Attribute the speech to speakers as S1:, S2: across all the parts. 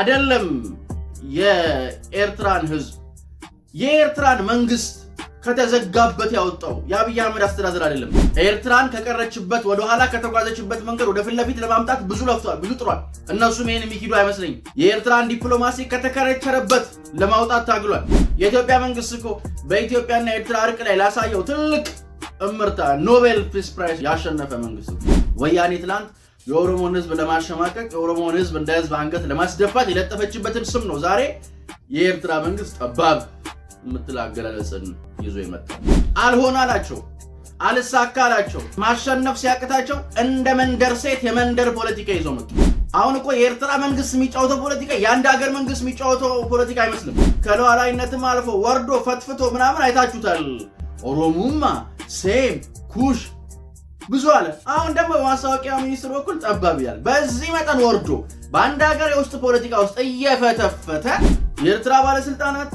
S1: አይደለም የኤርትራን ህዝብ የኤርትራን መንግስት ከተዘጋበት ያወጣው የአብይ አህመድ አስተዳደር አይደለም። ኤርትራን ከቀረችበት ወደኋላ ከተጓዘችበት መንገድ ወደ ፊት ለፊት ለማምጣት ብዙ ለፍቷል፣ ብዙ ጥሯል። እነሱም ይህን የሚኪዱ አይመስለኝም። የኤርትራን ዲፕሎማሲ ከተከረቸረበት ለማውጣት ታግሏል። የኢትዮጵያ መንግስት እኮ በኢትዮጵያና ኤርትራ እርቅ ላይ ላሳየው ትልቅ እምርታ ኖቤል ፒስ ፕራይስ ያሸነፈ መንግስት ወያኔ ትላንት የኦሮሞን ህዝብ ለማሸማቀቅ የኦሮሞን ህዝብ እንደ ህዝብ አንገት ለማስደፋት የለጠፈችበትን ስም ነው ዛሬ የኤርትራ መንግስት ጠባብ የምትል አገላለጽን ይዞ ይመጣል። አልሆን አላቸው፣ አልሳካ አላቸው፣ ማሸነፍ ሲያቅታቸው እንደ መንደር ሴት የመንደር ፖለቲካ ይዞ መጡ። አሁን እኮ የኤርትራ መንግስት የሚጫወተው ፖለቲካ የአንድ ሀገር መንግስት የሚጫወተው ፖለቲካ አይመስልም። ከሉዓላዊነትም አልፎ ወርዶ ፈትፍቶ ምናምን አይታችሁታል። ኦሮሙማ ሴም ኩሽ ብዙ አለ። አሁን ደግሞ በማስታወቂያ ሚኒስትር በኩል ጠባብ ያል በዚህ መጠን ወርዶ በአንድ ሀገር የውስጥ ፖለቲካ ውስጥ እየፈተፈተ የኤርትራ ባለስልጣናት፣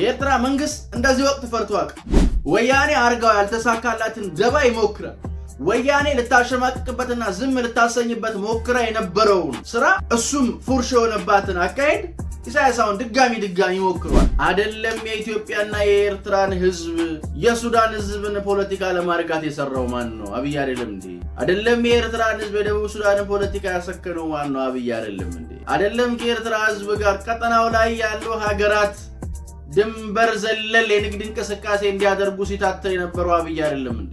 S1: የኤርትራ መንግስት እንደዚህ ወቅት ፈርቶ አያውቅም። ወያኔ አርጋው ያልተሳካላትን ደባ ይሞክራል። ወያኔ ልታሸማቅቅበትና ዝም ልታሰኝበት ሞክራ የነበረውን ስራ እሱም ፉርሽ የሆነባትን አካሄድ ኢሳያስ አሁን ድጋሚ ድጋሚ ሞክሯል። አደለም የኢትዮጵያና የኤርትራን ህዝብ የሱዳን ህዝብን ፖለቲካ ለማርጋት የሰራው ማን ነው? አብይ አደለም እንዴ? አደለም የኤርትራን ህዝብ የደቡብ ሱዳንን ፖለቲካ ያሰከነው ማን ነው? አብይ አደለም እንዴ? አደለም ከኤርትራ ህዝብ ጋር ቀጠናው ላይ ያሉ ሀገራት ድንበር ዘለል የንግድ እንቅስቃሴ እንዲያደርጉ ሲታተር የነበረው አብይ አይደለም እንዴ?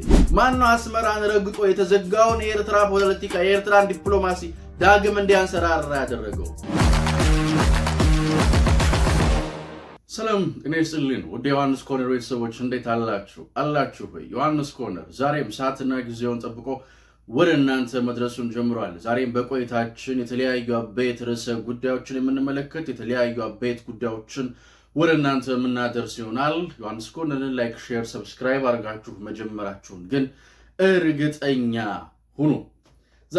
S1: ነው አስመራን ረግጦ የተዘጋውን የኤርትራ ፖለቲካ የኤርትራን ዲፕሎማሲ ዳግም እንዲያንሰራራ ያደረገው?
S2: ሰላም እኔ ስልን ወደ ዮሐንስ ኮርነር ቤተሰቦች እንዴት አላችሁ? አላችሁ ወይ? ዮሐንስ ኮርነር ዛሬም ሰዓትና ጊዜውን ጠብቆ ወደ እናንተ መድረሱን ጀምሯል። ዛሬም በቆይታችን የተለያዩ አበይት ርዕሰ ጉዳዮችን የምንመለከት የተለያዩ አበይት ጉዳዮችን ወደ እናንተ የምናደርስ ይሆናል። ዮሐንስ ኮርነርን ላይክ፣ ሼር፣ ሰብስክራይብ አድርጋችሁ መጀመራችሁን ግን እርግጠኛ ሁኑ።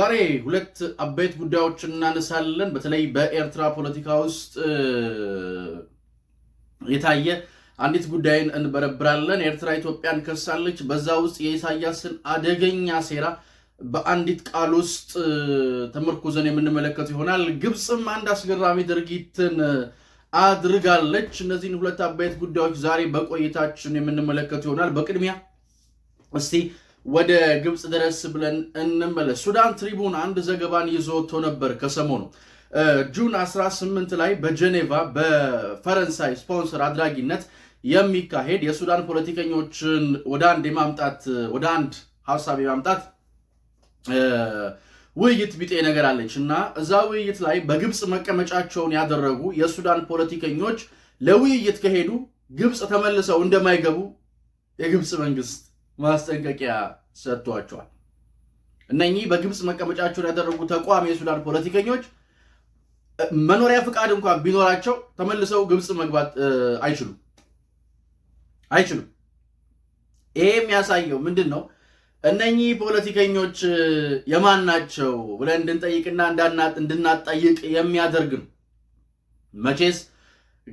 S2: ዛሬ ሁለት አበይት ጉዳዮችን እናነሳለን። በተለይ በኤርትራ ፖለቲካ ውስጥ የታየ አንዲት ጉዳይን እንበረብራለን። ኤርትራ ኢትዮጵያን ከሳለች። በዛ ውስጥ የኢሳያስን አደገኛ ሴራ በአንዲት ቃል ውስጥ ተመርኩዘን የምንመለከት ይሆናል። ግብፅም አንድ አስገራሚ ድርጊትን አድርጋለች። እነዚህን ሁለት አበይት ጉዳዮች ዛሬ በቆይታችን የምንመለከት ይሆናል። በቅድሚያ እስቲ ወደ ግብፅ ድረስ ብለን እንመለስ። ሱዳን ትሪቡን አንድ ዘገባን ይዞ ወጥቶ ነበር ከሰሞኑ ጁን 18 ላይ በጀኔቫ በፈረንሳይ ስፖንሰር አድራጊነት የሚካሄድ የሱዳን ፖለቲከኞችን ወደ አንድ የማምጣት ወደ አንድ ሀሳብ የማምጣት ውይይት ቢጤ ነገር አለች እና እዛ ውይይት ላይ በግብፅ መቀመጫቸውን ያደረጉ የሱዳን ፖለቲከኞች ለውይይት ከሄዱ ግብፅ ተመልሰው እንደማይገቡ የግብፅ መንግስት ማስጠንቀቂያ ሰጥቷቸዋል። እነኚህ በግብፅ መቀመጫቸውን ያደረጉ ተቋሚ የሱዳን ፖለቲከኞች መኖሪያ ፍቃድ እንኳን ቢኖራቸው ተመልሰው ግብፅ መግባት አይችሉም አይችሉም። ይሄ የሚያሳየው ምንድን ነው? እነኚህ ፖለቲከኞች የማን ናቸው ብለን እንድንጠይቅና እንድናጠይቅ የሚያደርግ ነው። መቼስ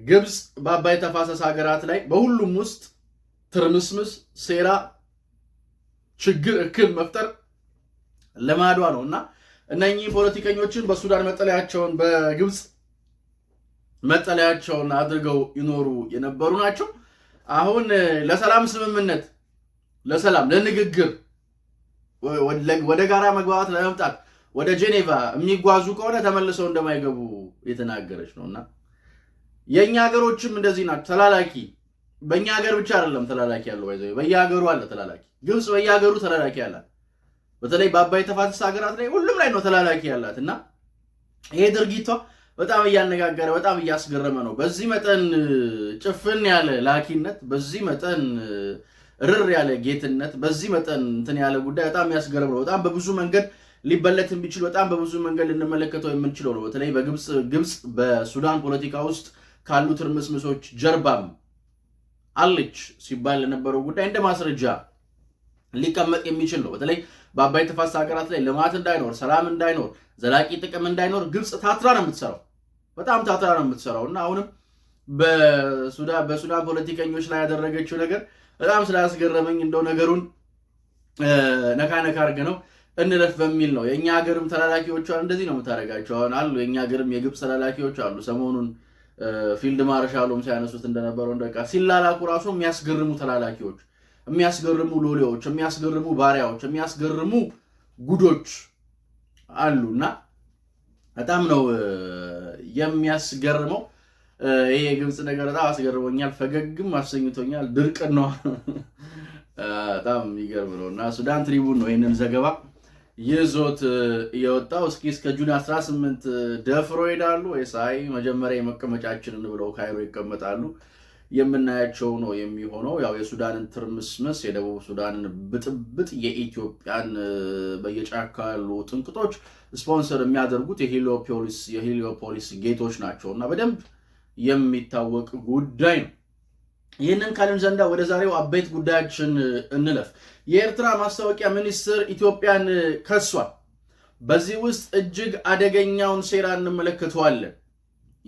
S2: ግብፅ በአባይ ተፋሰስ ሀገራት ላይ በሁሉም ውስጥ ትርምስምስ፣ ሴራ፣ ችግር፣ እክል መፍጠር ልማዷ ነው እና እነኚህ ፖለቲከኞችን በሱዳን መጠለያቸውን በግብፅ መጠለያቸውን አድርገው ይኖሩ የነበሩ ናቸው። አሁን ለሰላም ስምምነት ለሰላም ለንግግር ወደ ጋራ መግባባት ለመምጣት ወደ ጄኔቫ የሚጓዙ ከሆነ ተመልሰው እንደማይገቡ የተናገረች ነው እና የእኛ ሀገሮችም እንደዚህ ናቸው። ተላላኪ በእኛ ሀገር ብቻ አይደለም ተላላኪ ያለው ይዘ በየሀገሩ አለ ተላላኪ። ግብፅ በየሀገሩ ተላላኪ አላት። በተለይ በአባይ ተፋሰስ ሀገራት ላይ ሁሉም ላይ ነው ተላላኪ ያላት እና ይሄ ድርጊቷ በጣም እያነጋገረ በጣም እያስገረመ ነው። በዚህ መጠን ጭፍን ያለ ላኪነት፣ በዚህ መጠን ርር ያለ ጌትነት፣ በዚህ መጠን እንትን ያለ ጉዳይ በጣም የሚያስገርም ነው። በጣም በብዙ መንገድ ሊበለት የሚችል በጣም በብዙ መንገድ ልንመለከተው የምንችለው ነው። በተለይ በግብፅ ግብፅ በሱዳን ፖለቲካ ውስጥ ካሉ ትርምስምሶች ጀርባም አለች ሲባል ለነበረው ጉዳይ እንደ ማስረጃ ሊቀመጥ የሚችል ነው። በተለይ በአባይ ተፋሰስ ሀገራት ላይ ልማት እንዳይኖር፣ ሰላም እንዳይኖር፣ ዘላቂ ጥቅም እንዳይኖር ግብፅ ታትራ ነው የምትሰራው። በጣም ታትራ ነው የምትሰራው እና አሁንም በሱዳን ፖለቲከኞች ላይ ያደረገችው ነገር በጣም ስላስገረመኝ እንደው ነገሩን ነካ ነካ አድርገ ነው እንለፍ በሚል ነው። የእኛ ሀገርም ተላላኪዎቿ እንደዚህ ነው የምታደርጋቸው። አሁን አሉ የእኛ ሀገርም የግብፅ ተላላኪዎች አሉ። ሰሞኑን ፊልድ ማርሻሉም ሲያነሱት እንደነበረው እንደቃ ሲላላኩ ራሱ የሚያስገርሙ ተላላኪዎች የሚያስገርሙ ሎሌዎች፣ የሚያስገርሙ ባሪያዎች፣ የሚያስገርሙ ጉዶች አሉ እና በጣም ነው የሚያስገርመው። ይሄ የግብፅ ነገር በጣም አስገርሞኛል፣ ፈገግም አሰኝቶኛል። ድርቅን ነው በጣም የሚገርም ነው እና ሱዳን ትሪቡን ነው ይህንን ዘገባ ይዞት የወጣው። እስኪ እስከ ጁን 18 ደፍሮ ይሄዳሉ ወይስ አይ መጀመሪያ የመቀመጫችንን ብለው ካይሮ ይቀመጣሉ? የምናያቸው ነው የሚሆነው። ያው የሱዳንን ትርምስምስ፣ የደቡብ ሱዳንን ብጥብጥ፣ የኢትዮጵያን በየጫካ ያሉ ጥንቅጦች ስፖንሰር የሚያደርጉት የሄሊዮፖሊስ ጌቶች ናቸው እና በደንብ የሚታወቅ ጉዳይ ነው። ይህንን ካልን ዘንዳ ወደ ዛሬው አበይት ጉዳያችን እንለፍ። የኤርትራ ማስታወቂያ ሚኒስትር ኢትዮጵያን ከሷል። በዚህ ውስጥ እጅግ አደገኛውን ሴራ እንመለከተዋለን።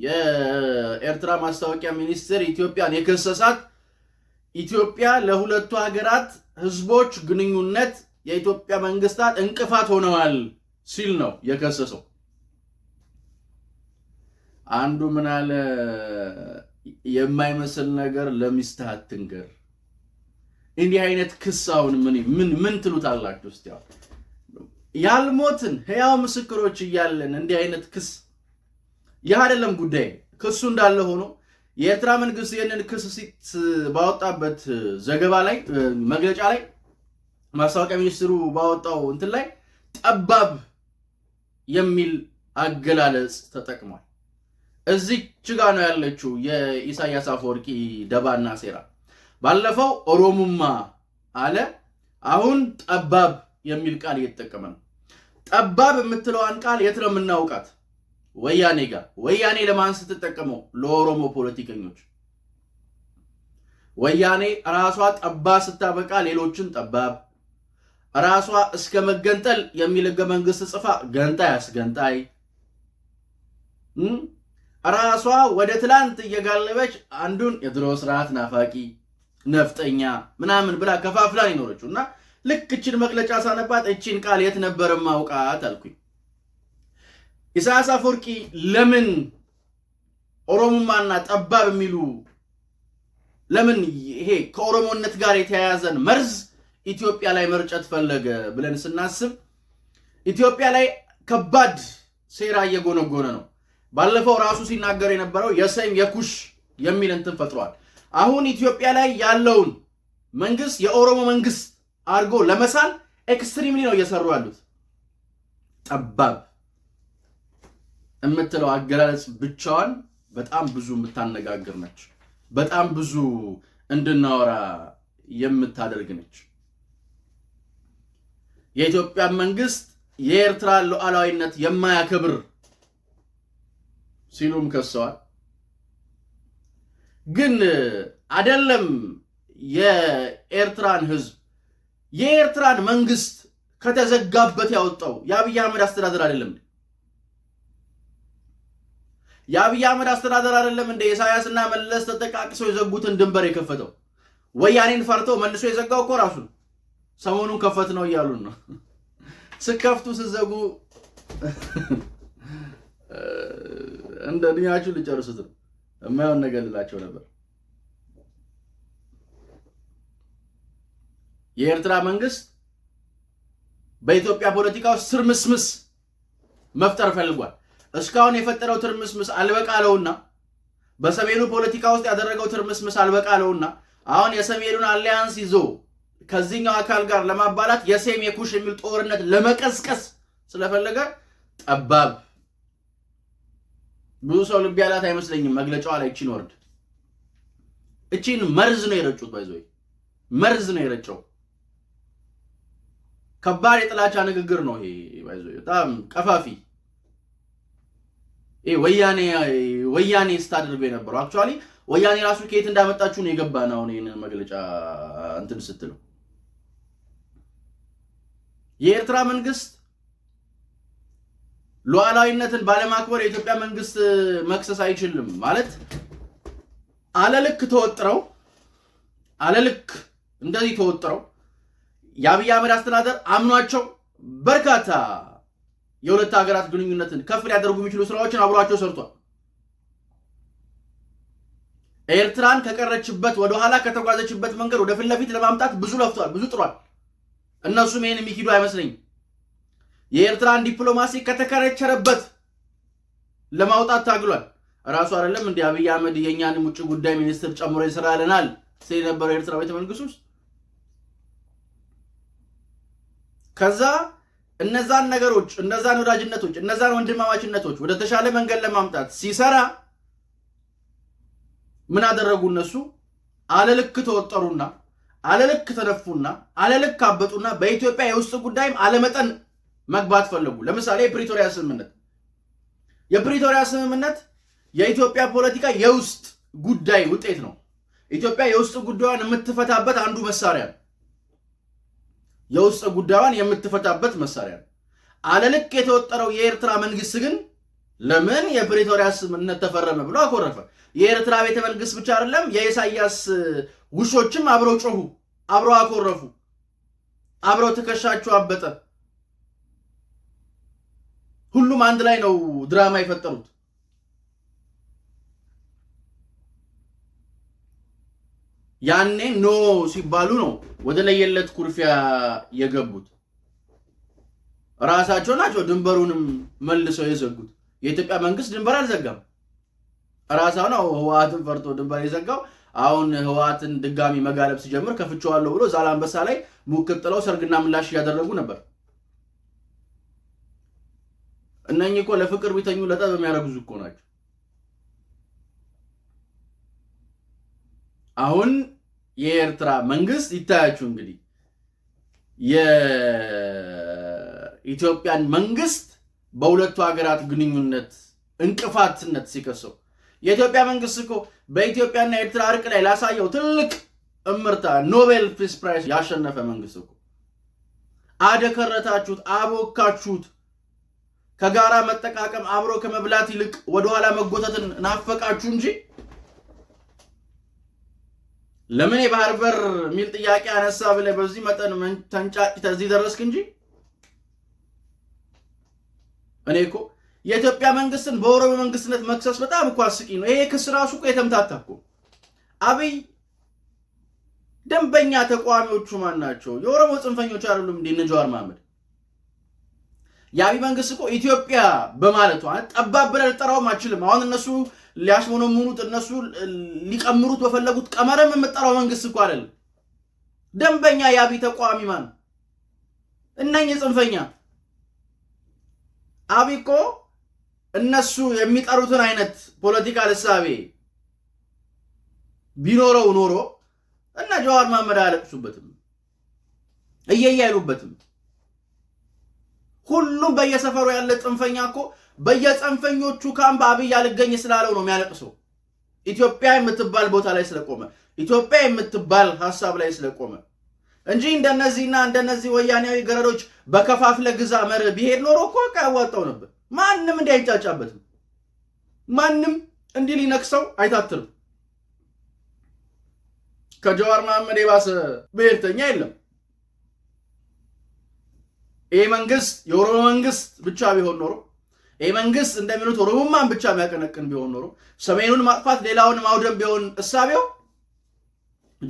S2: የኤርትራ ማስታወቂያ ሚኒስትር ኢትዮጵያን የከሰሳት ኢትዮጵያ ለሁለቱ ሀገራት ህዝቦች ግንኙነት የኢትዮጵያ መንግስታት እንቅፋት ሆነዋል ሲል ነው የከሰሰው። አንዱ ምን አለ፣ የማይመስል ነገር ለሚስትህ አትንገር። እንዲህ አይነት ክስ አሁን ምን ምን ምን ትሉታላችሁ? እስቲ ያልሞትን ህያው ምስክሮች እያለን እንዲህ አይነት ክስ ይህ አይደለም ጉዳይ። ክሱ እንዳለ ሆኖ የኤርትራ መንግስት ይህንን ክስ ሲት ባወጣበት ዘገባ ላይ መግለጫ ላይ ማስታወቂያ ሚኒስትሩ ባወጣው እንትን ላይ ጠባብ የሚል አገላለጽ ተጠቅሟል። እዚህ ችጋ ነው ያለችው የኢሳያስ አፈወርቂ ደባና ሴራ። ባለፈው ኦሮሙማ አለ፣ አሁን ጠባብ የሚል ቃል እየተጠቀመ ነው። ጠባብ የምትለዋን ቃል የት ነው የምናውቃት? ወያኔ ጋር ወያኔ ለማን ስትጠቀመው? ለኦሮሞ ፖለቲከኞች። ወያኔ ራሷ ጠባ ስታበቃ ሌሎችን ጠባብ፣ ራሷ እስከ መገንጠል የሚል ህገ መንግስት ጽፋ ገንጣይ አስገንጣይ፣ ራሷ ወደ ትላንት እየጋለበች አንዱን የድሮ ስርዓት ናፋቂ ነፍጠኛ ምናምን ብላ ከፋፍላን ይኖረችው እና ልክ እችን መግለጫ ሳነባት እቺን ቃል የት ነበር ማውቃት አልኩኝ። ኢሳያስ አፈወርቂ ለምን ኦሮሞማና ጠባብ የሚሉ ለምን ይሄ ከኦሮሞነት ጋር የተያያዘን መርዝ ኢትዮጵያ ላይ መርጨት ፈለገ ብለን ስናስብ ኢትዮጵያ ላይ ከባድ ሴራ እየጎነጎነ ነው። ባለፈው ራሱ ሲናገር የነበረው የሰም የኩሽ የሚል እንትን ፈጥሯል። አሁን ኢትዮጵያ ላይ ያለውን መንግስት የኦሮሞ መንግስት አድርጎ ለመሳል ኤክስትሪምሊ ነው እየሰሩ ያሉት ጠባብ የምትለው አገላለጽ ብቻዋን በጣም ብዙ የምታነጋግር ነች። በጣም ብዙ እንድናወራ የምታደርግ ነች። የኢትዮጵያ መንግስት የኤርትራ ሉዓላዊነት የማያከብር ሲሉም ከሰዋል። ግን አይደለም የኤርትራን ህዝብ የኤርትራን መንግስት ከተዘጋበት ያወጣው የአብይ አህመድ አስተዳደር አይደለም። የአብይ አህመድ አስተዳደር አይደለም እንደ ኢሳያስና መለስ ተጠቃቅሰው የዘጉትን ድንበር የከፈተው። ወያኔን ፈርተው መልሶ የዘጋው እኮ ራሱ ሰሞኑን ከፈት ነው እያሉን ነው። ስከፍቱ ስዘጉ እንደ ድኛችሁ ልጨርሱት ነው። ነገር ልላቸው ነበር። የኤርትራ መንግስት በኢትዮጵያ ፖለቲካ ውስጥ ስርምስምስ መፍጠር ፈልጓል። እስካሁን የፈጠረው ትርምስምስ አልበቃለውና በሰሜኑ ፖለቲካ ውስጥ ያደረገው ትርምስምስ አልበቃለውና አሁን የሰሜኑን አሊያንስ ይዞ ከዚህኛው አካል ጋር ለማባላት የሴም የኩሽ የሚል ጦርነት ለመቀስቀስ ስለፈለገ ጠባብ ብዙ ሰው ልብ ያላት አይመስለኝም። መግለጫዋ ላይ እቺን ወርድ እቺን መርዝ ነው የረጩት። ባይዞ መርዝ ነው የረጨው። ከባድ የጥላቻ ንግግር ነው ይሄ። ባይዞ በጣም ቀፋፊ ወያኔ ወያኔ ስታደርገው የነበረው አክቹዋሊ ወያኔ ራሱ ከየት እንዳመጣችሁ ነው የገባ ነው። አሁን ይህንን መግለጫ እንትን ስትለው የኤርትራ መንግስት ሉዓላዊነትን ባለማክበር የኢትዮጵያ መንግስት መክሰስ አይችልም ማለት አለልክ ተወጥረው አለልክ እንደዚህ ተወጥረው የአብይ አህመድ አስተዳደር አምኗቸው በርካታ የሁለት ሀገራት ግንኙነትን ከፍ ሊያደርጉ የሚችሉ ስራዎችን አብሯቸው ሰርቷል። ኤርትራን ከቀረችበት ወደኋላ ከተጓዘችበት መንገድ ወደ ፊት ለፊት ለማምጣት ብዙ ለፍቷል፣ ብዙ ጥሯል። እነሱም ይህን የሚኪዱ አይመስለኝም። የኤርትራን ዲፕሎማሲ ከተከረቸረበት ለማውጣት ታግሏል። እራሱ አይደለም እንዲህ አብይ አህመድ የእኛንም ውጭ ጉዳይ ሚኒስትር ጨምሮ ይሰራልናል ሲል የነበረው የኤርትራ ቤተመንግስት ውስጥ ከዛ እነዛን ነገሮች እነዛን ወዳጅነቶች እነዛን ወንድማማችነቶች ወደ ተሻለ መንገድ ለማምጣት ሲሰራ ምን አደረጉ እነሱ? አለልክ ተወጠሩና አለልክ ተነፉና አለልክ አበጡና በኢትዮጵያ የውስጥ ጉዳይም አለመጠን መግባት ፈለጉ። ለምሳሌ የፕሪቶሪያ ስምምነት የፕሪቶሪያ ስምምነት የኢትዮጵያ ፖለቲካ የውስጥ ጉዳይ ውጤት ነው። ኢትዮጵያ የውስጥ ጉዳዩን የምትፈታበት አንዱ መሳሪያ ነው። የውስጥ ጉዳዩን የምትፈታበት መሳሪያ ነው። አለልክ የተወጠረው የኤርትራ መንግስት ግን ለምን የፕሪቶሪያ ስምምነት ተፈረመ ብሎ አኮረፈ። የኤርትራ ቤተ መንግስት ብቻ አይደለም፣ የኢሳያስ ውሾችም አብረው ጮሁ፣ አብረው አኮረፉ፣ አብረው ትከሻቸው አበጠ። ሁሉም አንድ ላይ ነው ድራማ የፈጠሩት። ያኔ ኖ ሲባሉ ነው ወደ ለየለት ኩርፊያ የገቡት። ራሳቸው ናቸው ድንበሩንም መልሰው የዘጉት። የኢትዮጵያ መንግስት ድንበር አልዘጋም፣ ራሳ ነው ህወሓትን ፈርቶ ድንበር የዘጋው። አሁን ህወሓትን ድጋሚ መጋለብ ሲጀምር ከፍቼዋለሁ ብሎ ዛላንበሳ ላይ ሙክር ጥለው ሰርግና ምላሽ እያደረጉ ነበር። እነኚህ እኮ ለፍቅር ቢተኙ ለጠብ የሚያረግዙ እኮ ናቸው። አሁን የኤርትራ መንግስት ይታያችሁ እንግዲህ የኢትዮጵያን መንግስት በሁለቱ ሀገራት ግንኙነት እንቅፋትነት ሲከሰው የኢትዮጵያ መንግስት እኮ በኢትዮጵያና ኤርትራ እርቅ ላይ ላሳየው ትልቅ እምርታ ኖቤል ፒስ ፕራይስ ያሸነፈ መንግስት እኮ አደከረታችሁት፣ አቦካችሁት። ከጋራ መጠቃቀም አብሮ ከመብላት ይልቅ ወደኋላ መጎተትን ናፈቃችሁ እንጂ ለምን የባህር በር የሚል ጥያቄ አነሳ ብለህ በዚህ መጠን ተንጫጭ ተዚህ ደረስክ እንጂ እኔ እኮ የኢትዮጵያ መንግስትን በኦሮሞ መንግስትነት መክሰስ በጣም እኮ አስቂኝ ነው። ይሄ ክስ ራሱ እኮ የተምታታ እኮ አብይ ደንበኛ ተቃዋሚዎቹ ማን ናቸው? የኦሮሞ ጽንፈኞች አይደሉም እንዴ? እነ ጀዋር መሐመድ የአብይ መንግስት እኮ ኢትዮጵያ በማለቷ ጠባብ ብለህ ልጠራውም አችልም። አሁን እነሱ ሊያሽሞነሙኑት እነሱ ሊቀምሩት በፈለጉት ቀመረም የምጠራው መንግስት እኮ አይደለም። ደንበኛ የአብይ ተቋሚ ማን እነኝህ ጽንፈኛ አብይ እኮ እነሱ የሚጠሩትን አይነት ፖለቲካ ልሳቤ ቢኖረው ኖሮ እና ጀዋር መሐመድ አያለቅሱበትም፣ እየየ አይሉበትም። ሁሉም በየሰፈሩ ያለ ጽንፈኛ እኮ በየጸንፈኞቹ ካምፕ አብይ አልገኝ ስላለው ነው የሚያለቅሰው። ኢትዮጵያ የምትባል ቦታ ላይ ስለቆመ ኢትዮጵያ የምትባል ሀሳብ ላይ ስለቆመ እንጂ እንደነዚህና እንደነዚህ ወያኔያዊ ገረዶች በከፋፍለ ግዛ መር ቢሄድ ኖሮ እኮ ያዋጣው ነበር። ማንም እንዲህ አይጫጫበትም። ማንም እንዲህ ሊነክሰው አይታትርም። ከጀዋር መሐመድ የባሰ ብሔርተኛ የለም። ይህ መንግስት የኦሮሞ መንግስት ብቻ ቢሆን ኖሮ ይህ መንግስት እንደሚሉት ኦሮሞማን ብቻ የሚያቀነቅን ቢሆን ኖሮ ሰሜኑን ማጥፋት ሌላውን ማውደም ቢሆን እሳቤው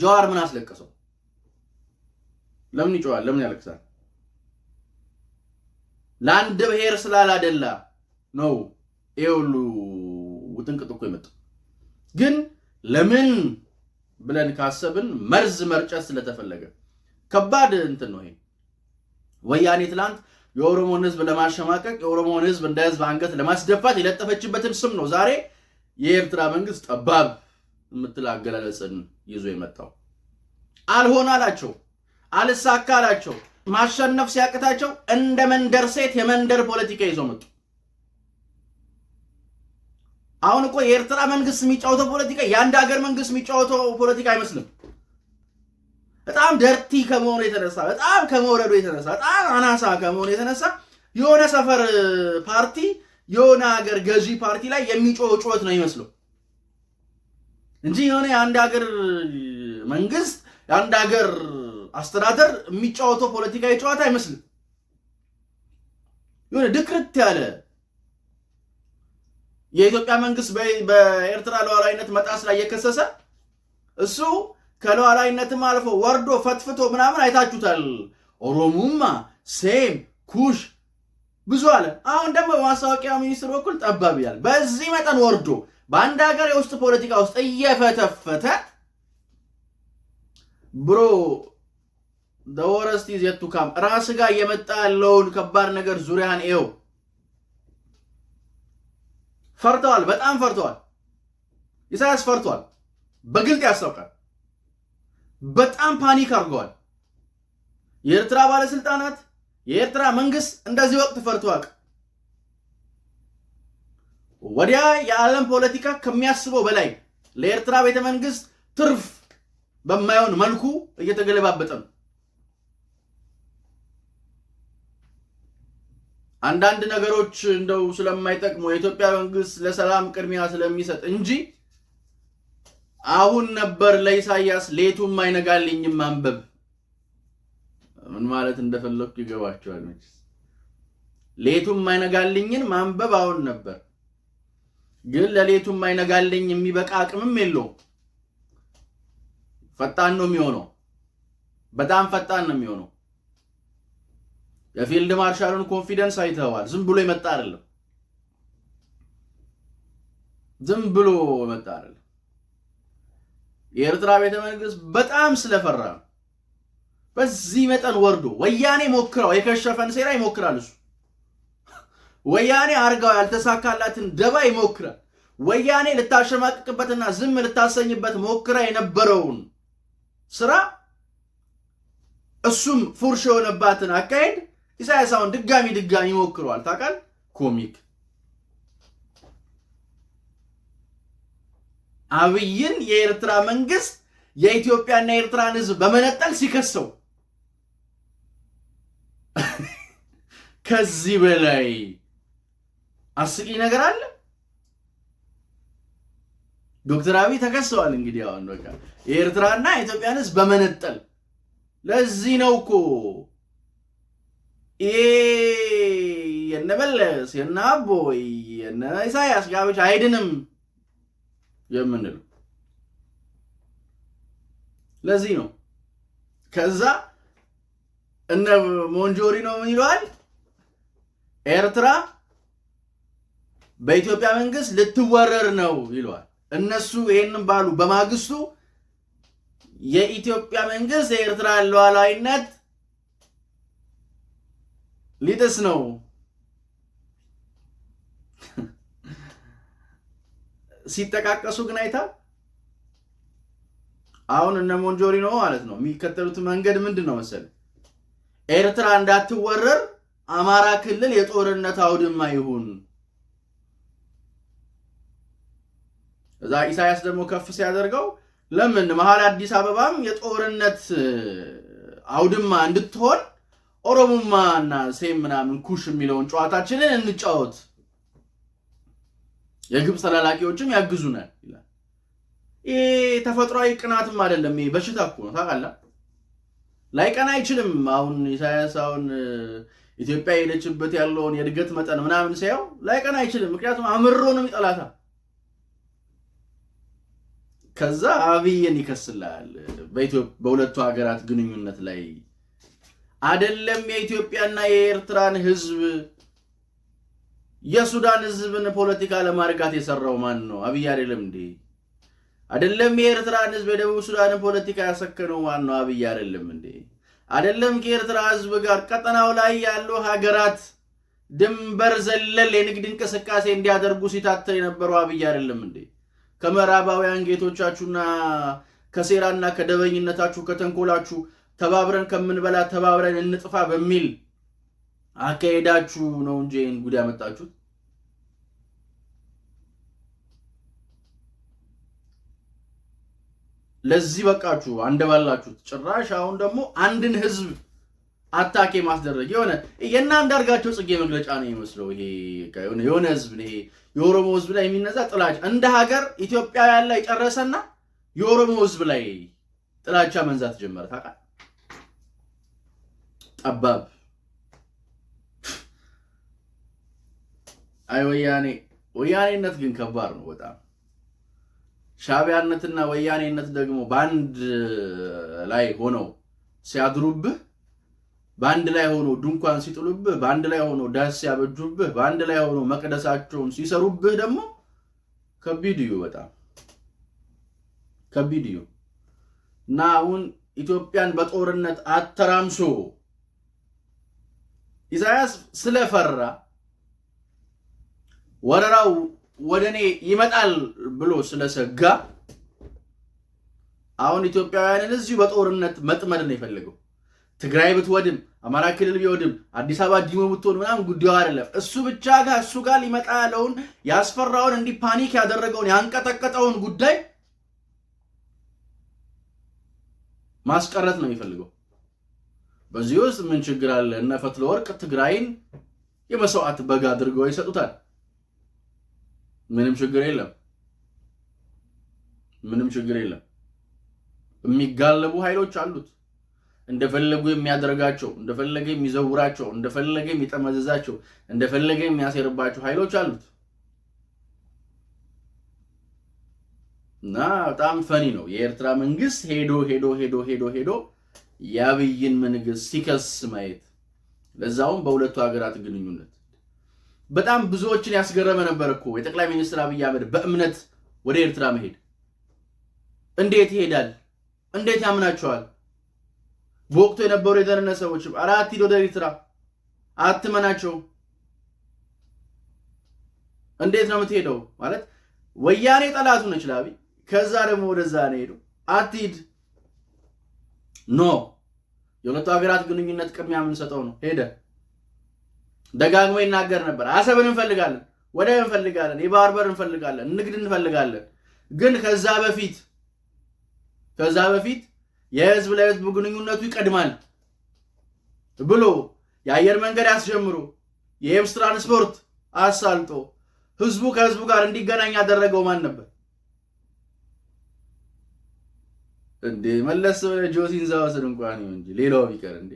S2: ጀዋር ምን አስለቀሰው? ለምን ይጮዋል? ለምን ያለቅሳል? ለአንድ ብሔር ስላላደላ ነው ይሄ ሁሉ ውጥንቅጥ እኮ የመጣው። ግን ለምን ብለን ካሰብን መርዝ መርጨት ስለተፈለገ ከባድ እንትን ነው ይሄ። ወያኔ ትላንት የኦሮሞን ህዝብ ለማሸማቀቅ የኦሮሞን ህዝብ እንደ ህዝብ አንገት ለማስደፋት የለጠፈችበትን ስም ነው ዛሬ የኤርትራ መንግስት ጠባብ የምትል አገላለጽን ይዞ የመጣው። አልሆን አላቸው፣ አልሳካ አላቸው፣ ማሸነፍ ሲያቅታቸው እንደ መንደር ሴት የመንደር ፖለቲካ ይዞ መጡ። አሁን እኮ የኤርትራ መንግስት የሚጫወተው ፖለቲካ የአንድ ሀገር መንግስት የሚጫወተው ፖለቲካ አይመስልም። በጣም ደርቲ ከመሆኑ የተነሳ በጣም ከመውረዱ የተነሳ በጣም አናሳ ከመሆኑ የተነሳ የሆነ ሰፈር ፓርቲ የሆነ ሀገር ገዢ ፓርቲ ላይ የሚጮህ ጩኸት ነው ይመስለው እንጂ የሆነ የአንድ ሀገር መንግስት የአንድ ሀገር አስተዳደር የሚጫወተው ፖለቲካዊ ጨዋታ አይመስልም። የሆነ ድክርት ያለ የኢትዮጵያ መንግስት በኤርትራ ሉዓላዊነት መጣስ ላይ የከሰሰ እሱ ከሉዓላዊነትም አልፎ ወርዶ ፈትፍቶ ምናምን አይታችሁታል። ኦሮሙማ፣ ሴም፣ ኩሽ ብዙ አለ። አሁን ደግሞ በማስታወቂያ ሚኒስትር በኩል ጠባብ ይላል። በዚህ መጠን ወርዶ በአንድ ሀገር የውስጥ ፖለቲካ ውስጥ እየፈተፈተ ብሮ ደወረስቲ ዘቱካም ራስ ጋር እየመጣ ያለውን ከባድ ነገር ዙሪያን ኤው ፈርተዋል። በጣም ፈርተዋል። ኢሳያስ ፈርተዋል። በግልጥ ያስታውቃል። በጣም ፓኒክ አድርገዋል። የኤርትራ ባለስልጣናት፣ የኤርትራ መንግስት እንደዚህ ወቅት ፈርቶ ወዲያ የዓለም ፖለቲካ ከሚያስበው በላይ ለኤርትራ ቤተ መንግስት ትርፍ በማይሆን መልኩ እየተገለባበጠ ነው። አንዳንድ ነገሮች እንደው ስለማይጠቅሙ የኢትዮጵያ መንግስት ለሰላም ቅድሚያ ስለሚሰጥ እንጂ አሁን ነበር ለኢሳያስ ሌቱም አይነጋልኝም ማንበብ። ምን ማለት እንደፈለኩ ይገባቸዋል። ሌቱም አይነጋልኝን ማንበብ አሁን ነበር፣ ግን ለሌቱም አይነጋልኝ የሚበቃ አቅምም የለው። ፈጣን ነው የሚሆነው፣ በጣም ፈጣን ነው የሚሆነው። የፊልድ ማርሻሉን ኮንፊደንስ አይተዋል። ዝም ብሎ የመጣ አይደለም፣ ዝም ብሎ የመጣ አይደለም። የኤርትራ ቤተ መንግስት በጣም ስለፈራ በዚህ መጠን ወርዶ ወያኔ ሞክረው የከሸፈን ሴራ ይሞክራል። እሱ ወያኔ አርጋው ያልተሳካላትን ደባ ይሞክራል። ወያኔ ልታሸማቅቅበትና ዝም ልታሰኝበት ሞክራ የነበረውን ስራ እሱም ፉርሽ የሆነባትን አካሄድ ኢሳያስ አሁን ድጋሚ ድጋሚ ይሞክረዋል። ታውቃል ኮሚክ አብይን የኤርትራ መንግስት የኢትዮጵያና የኤርትራን ህዝብ በመነጠል ሲከሰው ከዚህ በላይ አስቂ ነገር አለ? ዶክተር አብይ ተከሰዋል። እንግዲህ አሁን በቃ የኤርትራና የኢትዮጵያን ህዝብ በመነጠል ለዚህ ነው እኮ ይሄ የነበለስ የነ አቦይ የነ ኢሳያስ ጋብቻ አይድንም የምንለው። ለዚህ ነው ከዛ እነ ሞንጆሪ ነው ምን ይለዋል? ኤርትራ በኢትዮጵያ መንግስት ልትወረር ነው ይለዋል። እነሱ ይሄንን ባሉ በማግስቱ የኢትዮጵያ መንግስት የኤርትራ ሉዓላዊነት ሊጥስ ነው ሲጠቃቀሱ ግን አይታል። አሁን እነ ሞንጆሪኖ ማለት ነው የሚከተሉት መንገድ ምንድን ነው መሰል፣ ኤርትራ እንዳትወረር አማራ ክልል የጦርነት አውድማ ይሁን። እዛ ኢሳያስ ደግሞ ከፍ ሲያደርገው ለምን መሀል አዲስ አበባም የጦርነት አውድማ እንድትሆን ኦሮሞማ እና ሴም ምናምን ኩሽ የሚለውን ጨዋታችንን እንጫወት የግብፅ ተላላኪዎችም ያግዙናል ይላል። ይሄ ተፈጥሯዊ ቅናትም አይደለም፣ ይሄ በሽታ እኮ ነው። ታውቃለህ፣ ላይቀና አይችልም። አሁን ኢሳያስ አሁን ኢትዮጵያ የሄደችበት ያለውን የእድገት መጠን ምናምን ሳየው ላይቀና አይችልም። ምክንያቱም አምሮ ነው የሚጠላታ። ከዛ አብይን ይከስላል በሁለቱ ሀገራት ግንኙነት ላይ አይደለም የኢትዮጵያና የኤርትራን ህዝብ የሱዳን ህዝብን ፖለቲካ ለማርጋት የሰራው ማን ነው? አብይ አይደለም እንዴ? አይደለም የኤርትራን ህዝብ የደቡብ ሱዳንን ፖለቲካ ያሰከነው ማን ነው? አብይ አይደለም እንዴ? አይደለም ከኤርትራ ህዝብ ጋር ቀጠናው ላይ ያሉ ሀገራት ድንበር ዘለል የንግድ እንቅስቃሴ እንዲያደርጉ ሲታተር የነበረው አብይ አይደለም እንዴ? ከምዕራባውያን ጌቶቻችሁና ከሴራና ከደበኝነታችሁ ከተንኮላችሁ ተባብረን ከምንበላ ተባብረን እንጥፋ በሚል አካሄዳችሁ ነው እንጂ ይህን ጉድ ያመጣችሁት። ለዚህ በቃችሁ፣ አንደባላችሁት። ጭራሽ አሁን ደግሞ አንድን ህዝብ አታኬ ማስደረግ የሆነ የእነ አንዳርጋቸው ጽጌ መግለጫ ነው የሚመስለው። ይሄ የሆነ ህዝብ ይሄ የኦሮሞ ህዝብ ላይ የሚነዛ ጥላቻ እንደ ሀገር ኢትዮጵያውያን ላይ ጨረሰና የኦሮሞ ህዝብ ላይ ጥላቻ መንዛት ጀመረ። ታውቃለህ ጠባብ አይ ወያኔ ወያኔነት ግን ከባድ ነው በጣም ሻቢያነትና ወያኔነት ደግሞ በአንድ ላይ ሆነው ሲያድሩብህ፣ በአንድ ላይ ሆኖ ድንኳን ሲጥሉብህ፣ በአንድ ላይ ሆኖ ዳስ ሲያበጁብህ፣ በአንድ ላይ ሆኖ መቅደሳቸውን ሲሰሩብህ ደግሞ ከቢድዩ በጣም ከቢድዩ እና አሁን ኢትዮጵያን በጦርነት አተራምሶ ኢሳያስ ስለፈራ ወረራው ወደ እኔ ይመጣል ብሎ ስለሰጋ አሁን ኢትዮጵያውያንን እዚሁ በጦርነት መጥመድ ነው የፈለገው። ትግራይ ብትወድም፣ አማራ ክልል ቢወድም፣ አዲስ አበባ ዲሞ ብትሆን ምናምን ጉዳዩ አይደለም። እሱ ብቻ ጋር እሱ ጋር ሊመጣ ያለውን ያስፈራውን፣ እንዲህ ፓኒክ ያደረገውን ያንቀጠቀጠውን ጉዳይ ማስቀረት ነው የሚፈልገው። በዚህ ውስጥ ምን ችግር አለ? እነ ወርቅ ትግራይን የመስዋዕት በግ አድርገው ይሰጡታል። ምንም ችግር የለም። ምንም ችግር የለም። የሚጋለቡ ኃይሎች አሉት። እንደፈለጉ የሚያደርጋቸው፣ እንደፈለገ የሚዘውራቸው፣ እንደፈለገ የሚጠመዝዛቸው፣ እንደፈለገ የሚያሴርባቸው ኃይሎች አሉት እና በጣም ፈኒ ነው። የኤርትራ መንግስት ሄዶ ሄዶ ሄዶ ሄዶ ሄዶ የአብይን መንግስት ሲከስ ማየት ለዛውም በሁለቱ ሀገራት ግንኙነት በጣም ብዙዎችን ያስገረመ ነበር እኮ የጠቅላይ ሚኒስትር አብይ አህመድ በእምነት ወደ ኤርትራ መሄድ። እንዴት ይሄዳል? እንዴት ያምናቸዋል? በወቅቱ የነበሩ የደህንነት ሰዎች አራት ሂድ ወደ ኤርትራ አትመናቸው፣ እንዴት ነው የምትሄደው ማለት ወያኔ ጠላቱ ነች ለአብይ። ከዛ ደግሞ ወደዛ ነው ሄደው አትሂድ ኖ የሁለቱ ሀገራት ግንኙነት ቅድሚያ የምንሰጠው ነው ሄደ ደጋግሞ ይናገር ነበር። አሰብን እንፈልጋለን፣ ወደብ እንፈልጋለን፣ የባህር በር እንፈልጋለን፣ ንግድ እንፈልጋለን። ግን ከዛ በፊት ከዛ በፊት የህዝብ ለህዝብ ግንኙነቱ ይቀድማል ብሎ የአየር መንገድ አስጀምሮ የየብስ ትራንስፖርት አሳልጦ ህዝቡ ከህዝቡ ጋር እንዲገናኝ ያደረገው ማን ነበር? እንዴ መለስ ጆሲን ዛወስድ እንኳን እንጂ ሌላው ቢቀር እንዴ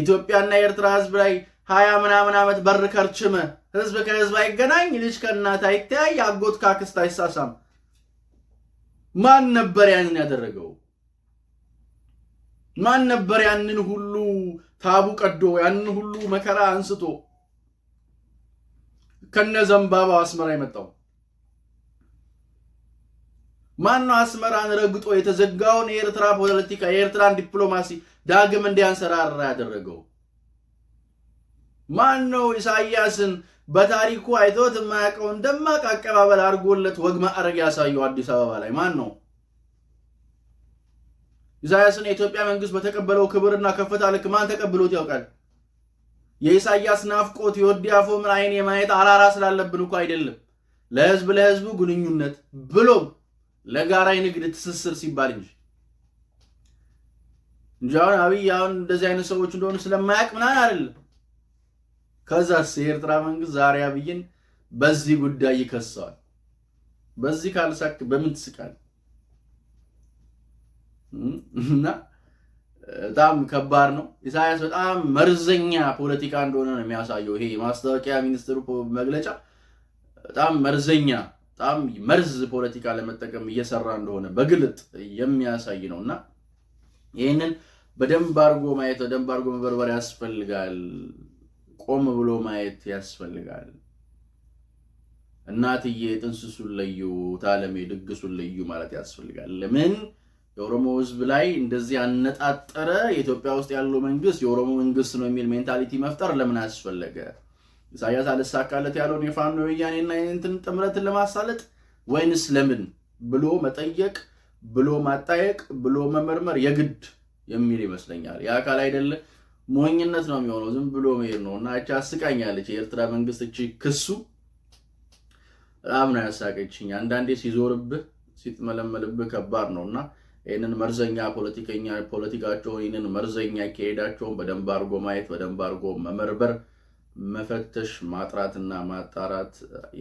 S2: ኢትዮጵያና የኤርትራ ህዝብ ላይ ሀያ ምናምን ዓመት በር ከርችም ህዝብ ከህዝብ አይገናኝ፣ ልጅ ከእናት አይተያይ፣ አጎት ካክስት አይሳሳም። ማን ነበር ያንን ያደረገው? ማን ነበር ያንን ሁሉ ታቡ ቀዶ ያንን ሁሉ መከራ አንስቶ ከነ ዘንባባው አስመራ የመጣው? ማን ነው አስመራን ረግጦ የተዘጋውን የኤርትራ ፖለቲካ የኤርትራን ዲፕሎማሲ ዳግም እንዲያንሰራራ ያደረገው ማን ነው? ኢሳይያስን በታሪኩ አይቶት የማያውቀውን ደማቅ አቀባበል አድርጎለት ወግ ማዕረግ ያሳየው አዲስ አበባ ላይ ማን ነው? ኢሳያስን የኢትዮጵያ መንግስት በተቀበለው ክብርና ከፍታ ልክ ማን ተቀብሎት ያውቃል? የኢሳያስ ናፍቆት የወዲያፎ ምን አይን የማየት አራራ ስላለብን እኮ አይደለም ለህዝብ ለህዝቡ ግንኙነት ብሎም ለጋራ የንግድ ትስስር ሲባል እንጂ እንጂ አሁን አብይ አሁን እንደዚህ አይነት ሰዎች እንደሆኑ ስለማያውቅ ምናምን አይደለም። ከዛስ የኤርትራ መንግስት ዛሬ አብይን በዚህ ጉዳይ ይከሰዋል። በዚህ ካልሳክ በምን ትስቃል? እና በጣም ከባድ ነው። ኢሳያስ በጣም መርዘኛ ፖለቲካ እንደሆነ ነው የሚያሳየው። ይሄ የማስታወቂያ ሚኒስትሩ መግለጫ በጣም መርዘኛ በጣም መርዝ ፖለቲካ ለመጠቀም እየሰራ እንደሆነ በግልጥ የሚያሳይ ነው እና ይህንን በደንብ አርጎ ማየት በደንብ አርጎ መበርበር ያስፈልጋል። ቆም ብሎ ማየት ያስፈልጋል። እናትዬ ጥንስሱን ለዩ፣ ታለሜ ድግሱን ለዩ ማለት ያስፈልጋል። ለምን የኦሮሞ ህዝብ ላይ እንደዚህ አነጣጠረ? የኢትዮጵያ ውስጥ ያለው መንግስት የኦሮሞ መንግስት ነው የሚል ሜንታሊቲ መፍጠር ለምን አስፈለገ? ኢሳያስ አልሳካለት ያለውን የፋኖ የወያኔና የእንትን ጥምረትን ለማሳለጥ ወይንስ ለምን ብሎ መጠየቅ ብሎ ማጣየቅ ብሎ መመርመር የግድ የሚል ይመስለኛል። የአካል አይደለ ሞኝነት ነው የሚሆነው፣ ዝም ብሎ መሄድ ነው እና እቺ አስቃኛለች። የኤርትራ መንግስት እቺ ክሱ በጣም ነው ያሳቀችኝ። አንዳንዴ ሲዞርብህ ሲጥመለመልብህ ከባድ ነው እና ይህንን መርዘኛ ፖለቲከኛ ፖለቲካቸውን ይህንን መርዘኛ አካሄዳቸውን በደንብ አድርጎ ማየት በደንብ አድርጎ መመርበር መፈተሽ ማጥራትና ማጣራት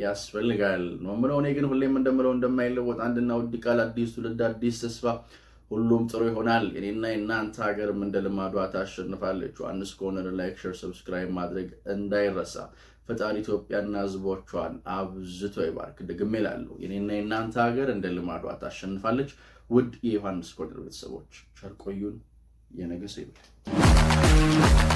S2: ያስፈልጋል ነው ምለው። እኔ ግን ሁሌም እንደምለው እንደማይለወጥ አንድና ውድ ቃል አዲስ ትውልድ አዲስ ተስፋ፣ ሁሉም ጥሩ ይሆናል። እኔና የእናንተ ሀገርም እንደ ልማዷ ታሸንፋለች። ዮሐንስ ኮርነር ላይክ፣ ሸር፣ ሰብስክራይብ ማድረግ እንዳይረሳ። ፈጣሪ ኢትዮጵያና ህዝቦቿን አብዝቶ ይባርክ። ደግሜ እላለሁ የኔና የእናንተ ሀገር እንደ ልማዷ ታሸንፋለች። ውድ የዮሐንስ ኮርነር ቤተሰቦች ቸር ቆዩን። የነገ ሰው ይበል።